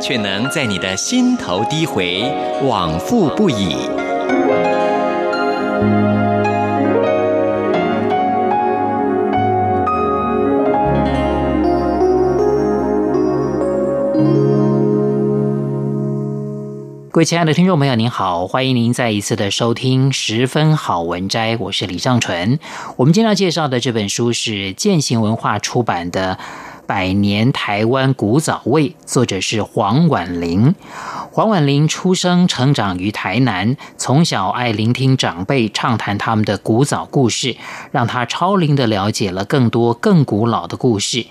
卻能在你的心頭低回，往復不已。各位親愛的聽眾朋友，您好，歡迎您再一次的收聽《十分好文摘》，我是李尚純。我們今天要介紹的這本書是健行文化出版的。《百年台灣古早味》，作者是黃婉玲。黃婉玲出生成長於台南，從小愛聆聽長輩暢談他們的古早故事，讓她超齡地了解了更多更古老的故事。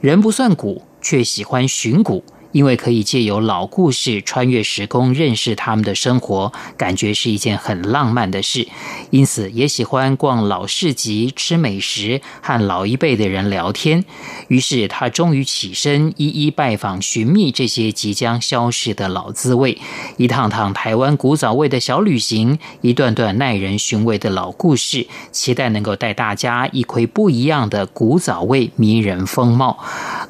人不算古，卻喜歡尋古。因為可以借由老故事穿越時空，認識他們的生活，感覺是一件很浪漫的事，因此也喜歡逛老市集、吃美食和老一輩的人聊天。於是他終於起身，一一拜訪尋覓這些即將消逝的老滋味。一趟趟台灣古早味的小旅行，一段段耐人尋味的老故事，期待能夠帶大家一窺不一樣的古早味迷人風貌。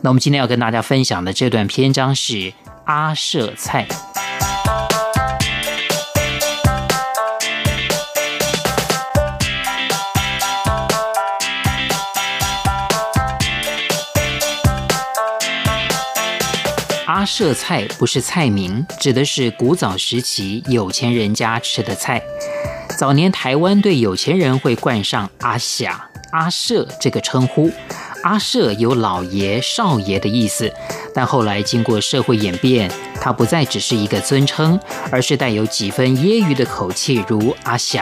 那我們今天要跟大家分享的這段篇章是阿舍菜。阿舍菜不是菜名，指的是古早時期有錢人家吃的菜。早年台灣對有錢人會冠上 ia, 阿霞、阿舍這個稱呼。阿舍有老爺、少爺的意思，但後來經過社會演變，他不再只是一個尊稱，而是帶有幾分揶揄的口氣，如阿舍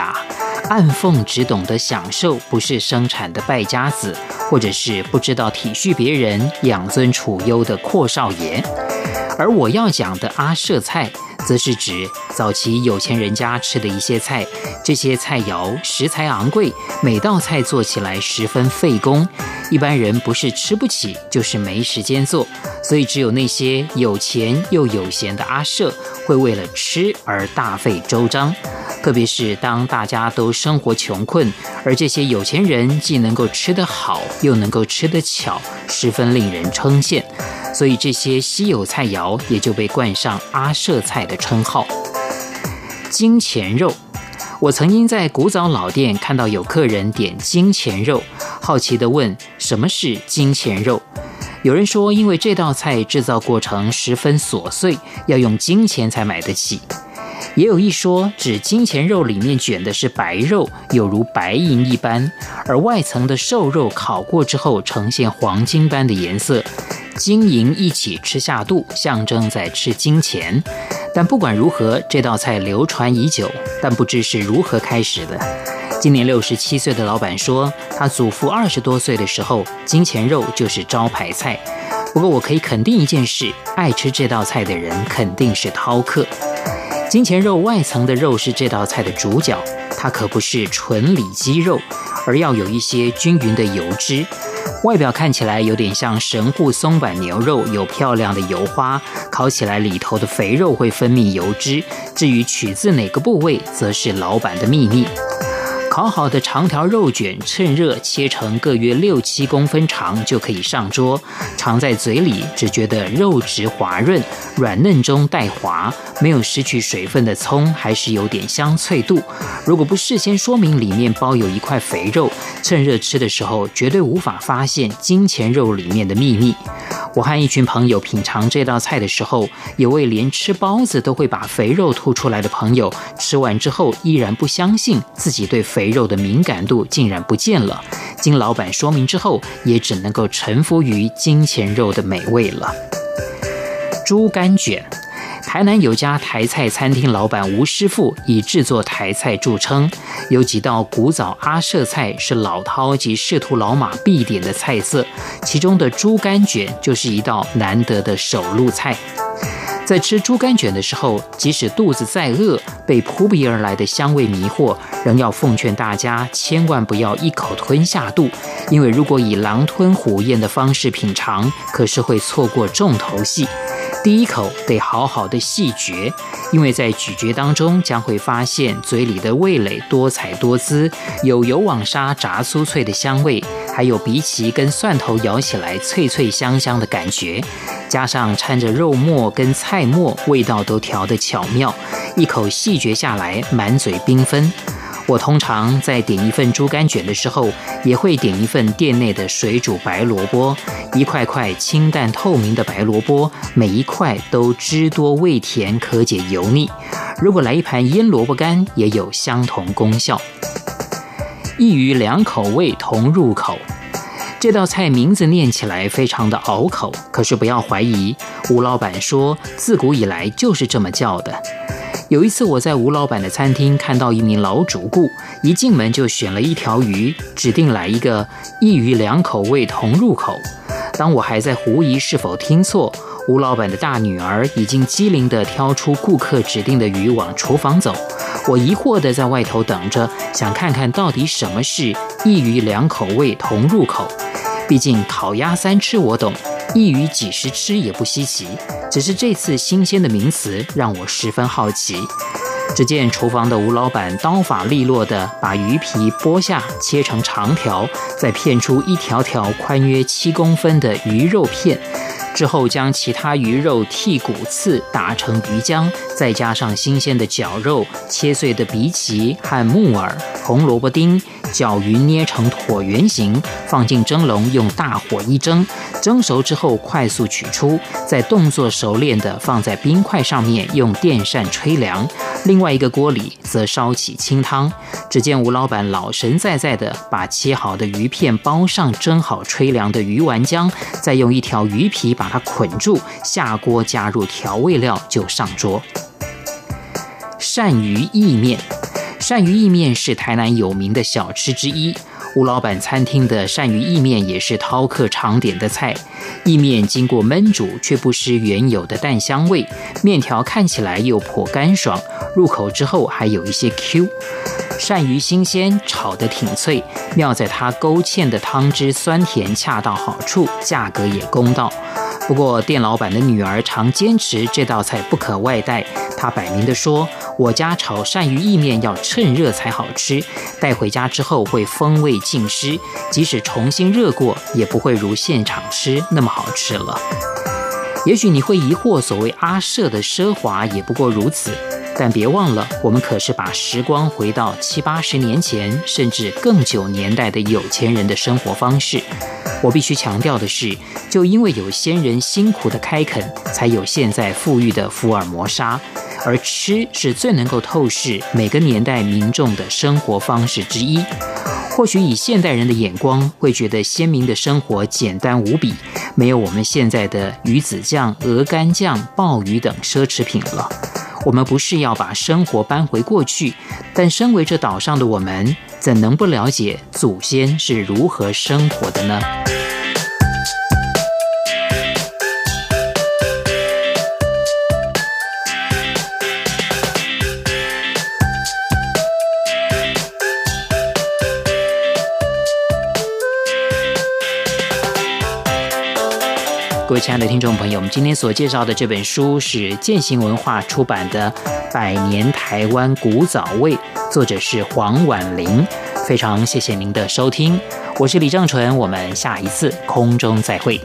暗諷，只懂得享受，不是生產的敗家子，或者是不知道體恤別人、養尊處優的闊少爺。而我要講的阿舍菜，則是指早期有錢人家吃的一些菜，這些菜餚食材昂貴，每道菜做起來十分費工，一般人不是吃不起，就是沒時間做，所以只有那些有錢又有閒的阿舍會為了吃而大費周章。特別是當大家都生活窮困，而這些有錢人既能夠吃得好，又能夠吃得巧，十分令人稱羨。所以這些稀有菜餚也就被冠上阿舍菜的稱號。金錢肉，我曾經在古早老店看到有客人點金錢肉，好奇地問什麼是金錢肉？有人說因為這道菜製造過程十分瑣碎，要用金錢才買得起。也有一說指金錢肉裡面捲的是白肉，有如白銀一般，而外層的瘦肉烤過之後呈現黃金般的顏色。金銀一起吃下肚，象徵在吃金錢。但不管如何，這道菜流傳已久，但不知是如何開始的。今年六十七歲的老闆說，他祖父二十多歲的時候，金錢肉就是招牌菜。不過我可以肯定一件事：愛吃這道菜的人肯定是饕客。金錢肉外層的肉是這道菜的主角，它可不是純里脊肉，而要有一些均勻的油脂。外表看起來有點像神戶松阪牛肉，有漂亮的油花。烤起來，裡頭的肥肉會分泌油脂。至於取自哪個部位，則是老板的秘密。烤好的長條肉卷趁熱切成各約六七公分長就可以上桌，嚐在嘴裡只覺得肉質滑潤，軟嫩中帶滑，沒有失去水分的蔥還是有點香脆度。如果不事先說明裡面包有一塊肥肉，趁熱吃的時候絕對無法發現金錢肉裡面的秘密。我和一群朋友品嚐這道菜的時候，有位連吃包子都會把肥肉吐出來的朋友，吃完之後依然不相信自己對肥。肥肉的敏感度竟然不見了，經老闆說明之後，也只能夠臣服於金錢肉的美味了。豬肝卷，台南有家台菜餐廳，老闆吳師傅以製作台菜著稱，有幾道古早阿舍菜是老饕及識途老馬必點的菜色，其中的豬肝卷就是一道難得的手路菜。在吃豬肝捲的時候，即使肚子再餓，被撲鼻而來的香味迷惑，仍要奉勸大家千萬不要一口吞下肚，因為如果以狼吞虎嚥的方式品嚐，可是會錯過重頭戲。第一口得好好的細嚼，因為在咀嚼當中將會發現嘴裡的味蕾多彩多姿，有油網紗炸酥脆的香味。還有荸薺跟蒜頭咬起來脆脆香香的感覺，加上摻着肉末跟菜末，味道都調得巧妙，一口細嚼下來，滿嘴繽紛。我通常在點一份豬肝捲的時候，也會點一份店內的水煮白蘿蔔，一塊塊清淡透明的白蘿蔔，每一塊都汁多味甜，可解油膩。如果來一盤醃蘿蔔乾，也有相同功效。一魚兩口味同入口，這道菜名字念起來非常的拗口，可是不要懷疑，吳老闆說自古以來就是這麼叫的。有一次我在吳老闆的餐廳看到一名老主顧，一進門就選了一條魚，指定來一個一魚兩口味同入口。當我還在狐疑是否聽錯，吳老闆的大女兒已經機靈地挑出顧客指定的魚往廚房走。我疑惑地在外頭等着，想看看到底什麼是一魚兩口味同入口。畢竟烤鴨三吃我懂，一魚幾十吃也不稀奇。只是這次新鮮的名詞讓我十分好奇。只見廚房的吳老闆刀法利落地把魚皮剝下，切成長條，再片出一條條寬約七公分的魚肉片。之後將其他魚肉剔骨刺，打成魚漿，再加上新鮮的絞肉、切碎的荸薺和木耳、紅蘿蔔丁，攪勻捏成橢圓形，放進蒸籠，用大火一蒸。蒸熟之後，快速取出，再動作熟練的放在冰塊上面，用電扇吹涼。另外一個鍋裡則燒起清湯，只見吳老板老神在在地把切好的魚片包上蒸好吹涼的魚丸漿，再用一條魚皮把它捆住，下鍋加入調味料就上桌。鱔魚意麵，鱔魚意麵是台南有名的小吃之一。吳老闆餐廳的鱔魚意麵也是饕客常點的菜。意麵經過燜煮，卻不失原有的蛋香味；麵條看起來又頗乾爽，入口之後還有一些 Q。鱔魚新鮮，炒得挺脆，妙在它勾芡的湯汁酸甜恰到好處，價格也公道。不過，店老板的女兒常堅持這道菜不可外帶。她擺明的說：“我家炒鱔魚意麵要趁熱才好吃，帶回家之後會風味盡失，即使重新熱過，也不會如現場吃那麼好吃了。”也許你會疑惑，所謂阿舍的奢華也不過如此。但別忘了，我們可是把時光回到七八十年前，甚至更久年代的有錢人的生活方式。我必須強調的是，就因為有先人辛苦的開墾，才有現在富裕的福爾摩沙。而吃是最能夠透視每個年代民眾的生活方式之一。或許以現代人的眼光，會覺得先民的生活簡單無比，沒有我們現在的魚子醬、鵝肝醬、鮑魚等奢侈品了。我們不是要把生活搬回過去，但身為這島上的我們，怎能不了解祖先是如何生活的呢？各位親愛的聽眾朋友，我們今天所介紹的這本書是健行文化出版的《百年台灣古早味》，作者是黃婉玲。非常謝謝您的收聽，我是李正淳，我們下一次空中再會。